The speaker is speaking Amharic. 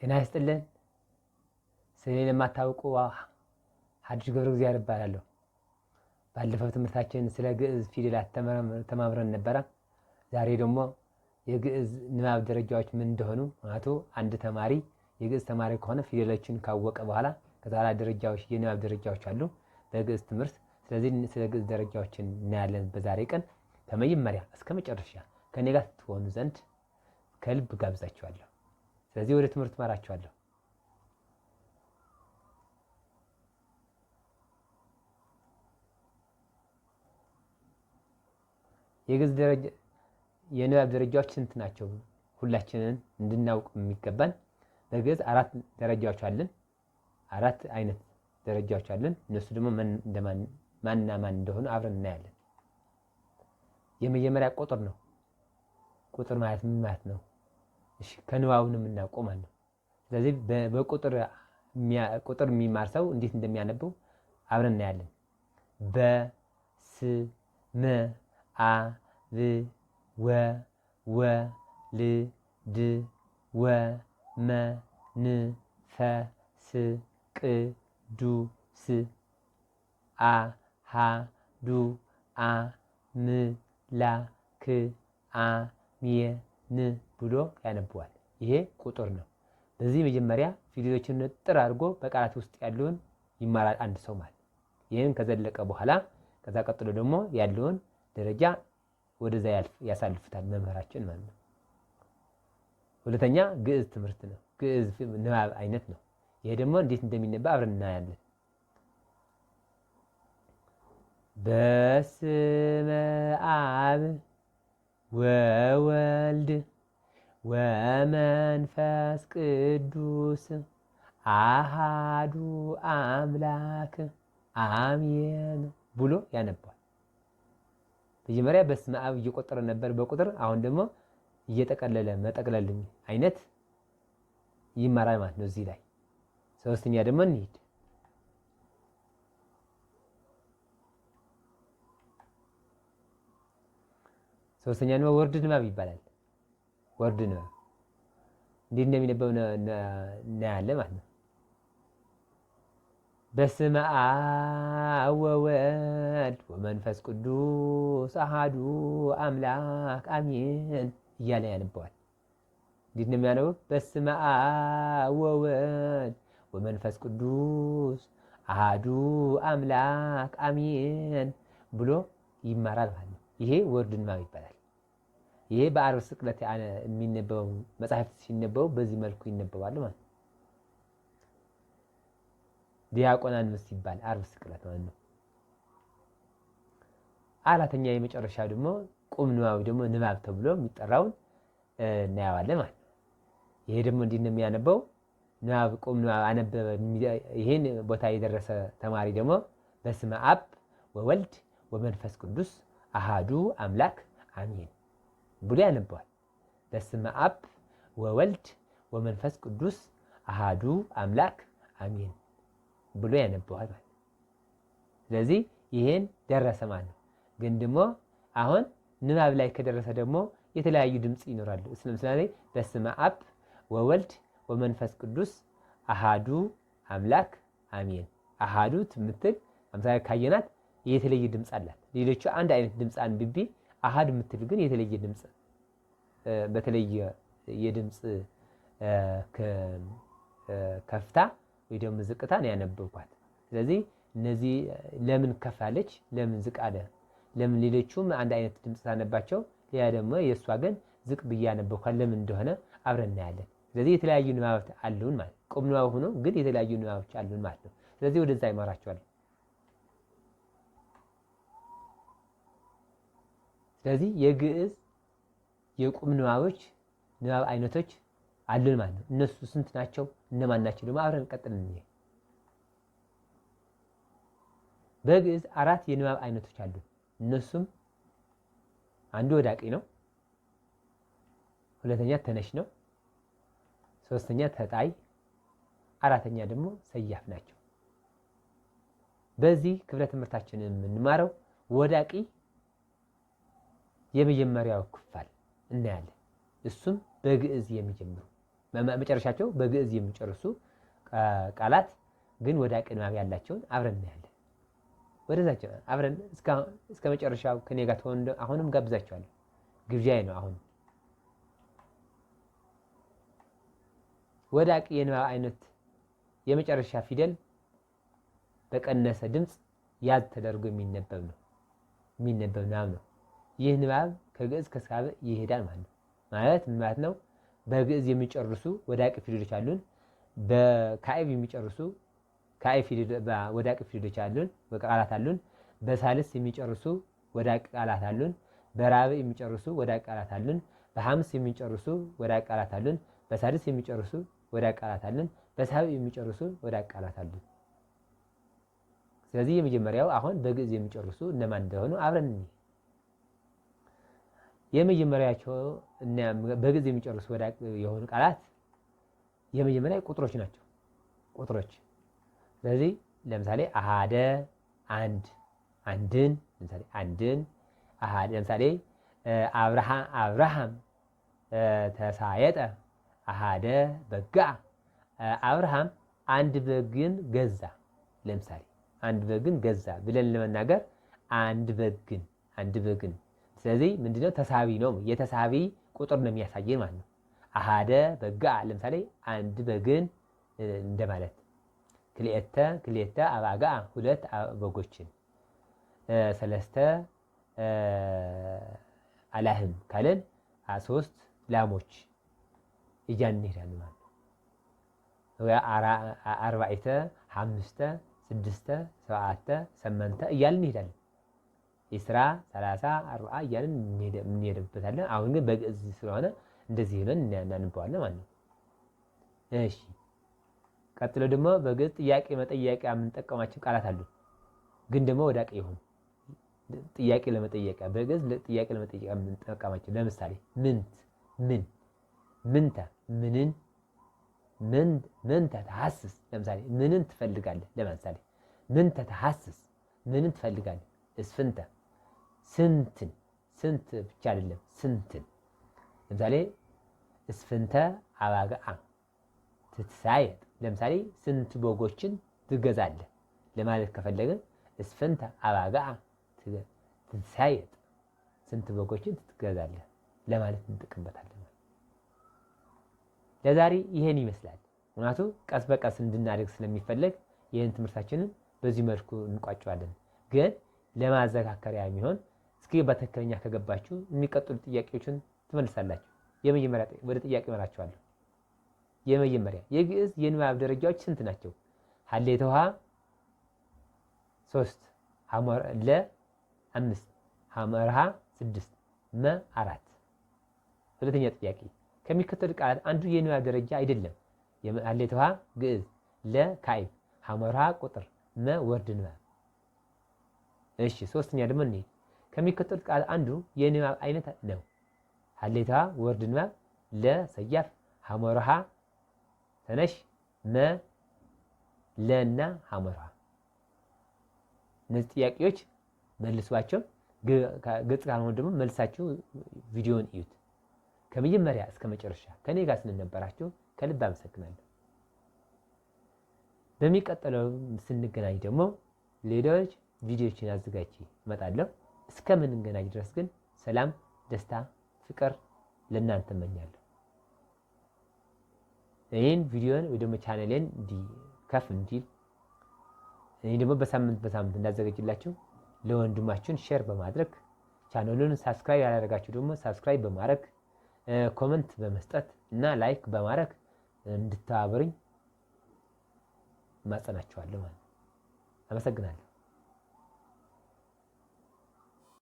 ጤና ይስጥልን። ስለ ለማታውቁ ሐዲስ ገብረ እግዚአብሔር እባላለሁ። ባለፈው ትምህርታችን ስለ ግዕዝ ፊደላት ተማምረን ነበረ። ዛሬ ደግሞ የግዕዝ ንባብ ደረጃዎች ምን እንደሆኑ አቶ አንድ ተማሪ የግዕዝ ተማሪ ከሆነ ፊደሎችን ካወቀ በኋላ ከዛላ ደረጃዎች የንባብ ደረጃዎች አሉ በግዕዝ ትምህርት። ስለዚህ ስለ ግዕዝ ደረጃዎችን እናያለን በዛሬ ቀን ከመጀመሪያ እስከ መጨረሻ ከኔ ጋር ትሆኑ ዘንድ ከልብ ጋብዛችኋለሁ። ስለዚህ ወደ ትምህርት መራቸዋለሁ። የግዕዝ ደረጃ የንባብ ደረጃዎች ስንት ናቸው? ሁላችንን እንድናውቅ የሚገባን በግዕዝ አራት ደረጃዎች አለን። አራት አይነት ደረጃዎች አለን። እነሱ ደግሞ ማንና ማን እንደሆኑ አብረን እናያለን። የመጀመሪያ ቁጥር ነው። ቁጥር ማለት ምን ማለት ነው? እሺ ከንባቡንም እናቆማለን። ስለዚህ በቁጥር ቁጥር የሚማር ሰው እንዴት እንደሚያነበው አብረን እናያለን። በ ስ መ አ ብ ወ ወ ል ድ ወ መ ን ፈ ስ ቅ ዱ ስ አ ሀ ዱ አ ም ላ ክ አ ሚየ ን ብሎ ያነበዋል። ይሄ ቁጥር ነው። በዚህ መጀመሪያ ፊደሎችን ንጥር አድርጎ በቃላት ውስጥ ያለውን ይማራል አንድ ሰው ማለት። ይህን ከዘለቀ በኋላ ከዛ ቀጥሎ ደግሞ ያለውን ደረጃ ወደዛ ያሳልፉታል መምህራችን ማለት ነው። ሁለተኛ ግዕዝ ትምህርት ነው። ግዕዝ ንባብ አይነት ነው። ይሄ ደግሞ እንዴት እንደሚነባ አብረን እናያለን። በስመ አብ ወወልድ ወመንፈስ ቅዱስ አሃዱ አምላክ አሜን ብሎ ያነባል። መጀመሪያ በስመ አብ እየቆጠረ ነበር በቁጥር አሁን ደግሞ እየጠቀለለ መጠቅለል አይነት ይማራል ማለት ነው። እዚህ ላይ ሶስተኛ ደግሞ እንሂድ። ሶስተኛ ንባብ ወርድ ንባብ ይባላል። ወርድ ንባብ እንዴት እንደሚነበብ እናያለን ማለት ነው። በስመ አብ ወወልድ ወመንፈስ ቅዱስ አሃዱ አምላክ አሜን እያለ ያነበዋል። እንዴት እንደሚያነበው በስመ አብ ወወልድ ወመንፈስ ቅዱስ አሃዱ አምላክ አሜን ብሎ ይማራል ማለት ነው። ይሄ ወርድ ንባብ ይባላል። ይሄ በዓርብ ስቅለት የሚነበበው መጽሐፍት ሲነበቡ በዚህ መልኩ ይነበባሉ ማለት ነው። ዲያቆን አንስ ይባል ዓርብ ስቅለት ማለት ነው። አራተኛ የመጨረሻ ደግሞ ቁም ንባብ ደግሞ ንባብ ተብሎ የሚጠራውን እናየዋለን ማለት ነው። ይሄ ደግሞ እንዲህ ነው የሚያነበው ንባብ ቁም ንባብ አነበበ። ይህን ቦታ የደረሰ ተማሪ ደግሞ በስመ አብ ወወልድ ወመንፈስ ቅዱስ አሃዱ አምላክ አሚን ብሎ ያነበዋል። በስመ አብ ወወልድ ወመንፈስ ቅዱስ አሃዱ አምላክ አሚን ብሎ ያነበዋል ማለት ስለዚህ ይሄን ደረሰ ማለት ነው። ግን ደግሞ አሁን ንባብ ላይ ከደረሰ ደግሞ የተለያዩ ድምፅ ይኖራሉ። ስለምሳሌ በስመ አብ ወወልድ ወመንፈስ ቅዱስ አሃዱ አምላክ አሜን አሃዱ የምትል አምሳሌ ካየናት የተለየ ድምፅ አላት። ሌሎቹ አንድ አይነት ድምፅ አንብቢ፣ አሃድ የምትል ግን የተለየ ድምፅ በተለየ የድምፅ ከፍታ ወይ ደግሞ ዝቅታ ነው ያነበብኳት። ስለዚህ እነዚህ ለምን ከፋለች፣ ለምን ዝቅ አለ፣ ለምን ሌሎቹም አንድ አይነት ድምፅ ሳነባቸው፣ ያ ደግሞ የእሷ ግን ዝቅ ብዬ ያነበብኳት ለምን እንደሆነ አብረን እናያለን። ስለዚህ የተለያዩ ንባቦች አሉን ማለት ቁም ንባብ ሆኖ ግን የተለያዩ ንባቦች አሉን ማለት ነው። ስለዚህ ወደዛ ይመራቸዋል። ስለዚህ የግዕዝ የቁም ንባቦች ንባብ አይነቶች አሉን ማለት ነው። እነሱ ስንት ናቸው? እነማን ናቸው? ደግሞ አብረን ቀጥል። በግዕዝ አራት የንባብ አይነቶች አሉ። እነሱም አንዱ ወዳቂ ነው፣ ሁለተኛ ተነሽ ነው፣ ሶስተኛ ተጣይ፣ አራተኛ ደግሞ ሰያፍ ናቸው። በዚህ ክፍለ ትምህርታችን የምንማረው ወዳቂ የመጀመሪያው ክፋል እናያለን። እሱም በግዕዝ የሚጀምሩ መጨረሻቸው በግዕዝ የሚጨርሱ ቃላት ግን ወደ ቅንባቢ ያላቸውን አብረን እናያለን። ወደዛቸው አብረን እስከ መጨረሻው ከኔ ጋር አሁንም ጋብዛቸዋለሁ። ግብዣዬ ነው። አሁን ወደ የንባብ አይነት የመጨረሻ ፊደል በቀነሰ ድምፅ ያዝ ተደርጎ የሚነበብ ነው የሚነበብ ናም ነው። ይህ ንባብ ከግዕዝ ከስካብ ይሄዳል ማለት ነው። ማለት ምን ማለት ነው? በግዕዝ የሚጨርሱ ወዳቂ አቂ ፊደሎች አሉን። በካኢብ የሚጨርሱ ካኢብ ፊደል ወደ አቂ ፊደሎች አሉን፣ ቃላት አሉን። በሳልስ የሚጨርሱ ወዳቂ ቃላት አሉን። በራብ የሚጨርሱ ወዳቂ ቃላት አሉን። በሐምስ የሚጨርሱ ወዳቂ ቃላት አሉን። በሳልስ የሚጨርሱ ወዳቂ ቃላት አሉን። በሳብ የሚጨርሱ ወዳቂ ቃላት አሉን። ስለዚህ የመጀመሪያው አሁን በግዕዝ የሚጨርሱ እነማን እንደሆኑ አብረን እንይ። የመጀመሪያቸው እና በግዕዝ የሚጨርሱ ሆዳቅ የሆኑ ቃላት የመጀመሪያ ቁጥሮች ናቸው። ቁጥሮች ስለዚህ ለምሳሌ አሃደ አንድ አንድን ለምሳሌ አንድን አሃደ ለምሳሌ አብርሃም ተሳየጠ አሃደ በጋ አብርሃም አንድ በግን ገዛ። ለምሳሌ አንድ በግን ገዛ ብለን ለመናገር አንድ በግን አንድ በግን ስለዚህ ምንድነው ተሳቢ ነው። የተሳቢ ቁጥር ነው የሚያሳየን ማለት ነው። አሃደ በጋ ለምሳሌ አንድ በግን እንደማለት፣ ክልኤተ ክልኤተ አባጋ ሁለት በጎችን፣ ሰለስተ አላህም ካለን ሶስት ላሞች እያን እንሄዳለን ማለት ነው። አርባዕተ፣ ሓምስተ፣ ስድስተ፣ ሰብዓተ፣ ሰመንተ እያልን እንሄዳለን። ኢስራ፣ ሰላሳ፣ አርባ እያለን እንሄድበታለን። አሁን ግን በግዕዝ ስለሆነ እንደዚህ ብለን እናንበዋለን ማለት ነው። እሺ ቀጥሎ ደግሞ በግዕዝ ጥያቄ መጠየቂያ የምንጠቀማቸው ቃላት አሉ። ግን ደግሞ ወደ አቅ ይሁን ጥያቄ ለመጠየቂያ በግዕዝ ጥያቄ ለመጠየቂያ የምንጠቀማቸው ለምሳሌ ምንት፣ ምን፣ ምንተ፣ ምንን፣ ምንተ ተሐስስ። ለምሳሌ ምንን ትፈልጋለህ? ለምሳሌ ምንተ ተሐስስ፣ ምንን ትፈልጋለህ? እስፍንተ ስንትን ስንት ብቻ አይደለም ስንትን። ለምሳሌ እስፍንተ አባግዓ ትትሳየጥ፣ ለምሳሌ ስንት በጎችን ትገዛለህ ለማለት ከፈለገ እስፍንተ አባግዓ ትትሳየጥ፣ ስንት በጎችን ትገዛለህ ለማለት እንጠቀምበታለን። ለዛሬ ይሄን ይመስላል። ምክንያቱ ቀስ በቀስ እንድናደግ ስለሚፈለግ ይህን ትምህርታችንን በዚህ መልኩ እንቋጨዋለን። ግን ለማዘካከሪያ የሚሆን እስኪ በትክክለኛ ከገባችሁ የሚቀጥሉ ጥያቄዎችን ትመልሳላችሁ። የመጀመሪያ ወደ ጥያቄ መራችኋለሁ። የመጀመሪያ የግዕዝ የንባብ ደረጃዎች ስንት ናቸው? ሀሌተ ውሃ ሶስት ለ አምስት ሐመርሃ ስድስት መ አራት ሁለተኛ ጥያቄ ከሚከተሉ ቃላት አንዱ የንባብ ደረጃ አይደለም። ሀሌተ ውሃ ግዕዝ፣ ለ ካዕብ፣ ሐመርሃ ቁጥር፣ መ ወርድ ንባብ። እሺ ሶስተኛ ደግሞ እንሂድ ከሚከተሉት ቃል አንዱ የንባብ አይነት ነው። ሀሌታ ወርድ ንባብ ለ ሰያፍ ሐመርሃ ተነሽ መ ለና ሐመርሃ። እነዚህ ጥያቄዎች መልሷቸው፣ ገጽ ካልሆኑ ደግሞ መልሳችሁ ቪዲዮን እዩት ከመጀመሪያ እስከ መጨረሻ። ከኔ ጋር ስለነበራችሁ ከልብ አመሰግናለሁ። በሚቀጥለው ስንገናኝ ደግሞ ሌሎች ቪዲዮዎችን አዘጋጅ እመጣለሁ። እስከምንገናኝ ድረስ ግን ሰላም፣ ደስታ፣ ፍቅር ለእናንተ እመኛለሁ። ይህን ቪዲዮን ወይ ደግሞ ቻነሌን እንዲከፍ እንዲል እኔ ደግሞ በሳምንት በሳምንት እንዳዘጋጅላችሁ ለወንድማችሁን ሼር በማድረግ ቻነሉን ሳብስክራይብ ያላደረጋችሁ ደግሞ ሳብስክራይብ በማድረግ ኮመንት በመስጠት እና ላይክ በማድረግ እንድተባበሩኝ ማጸናችኋለሁ ማለት ነው። አመሰግናለሁ።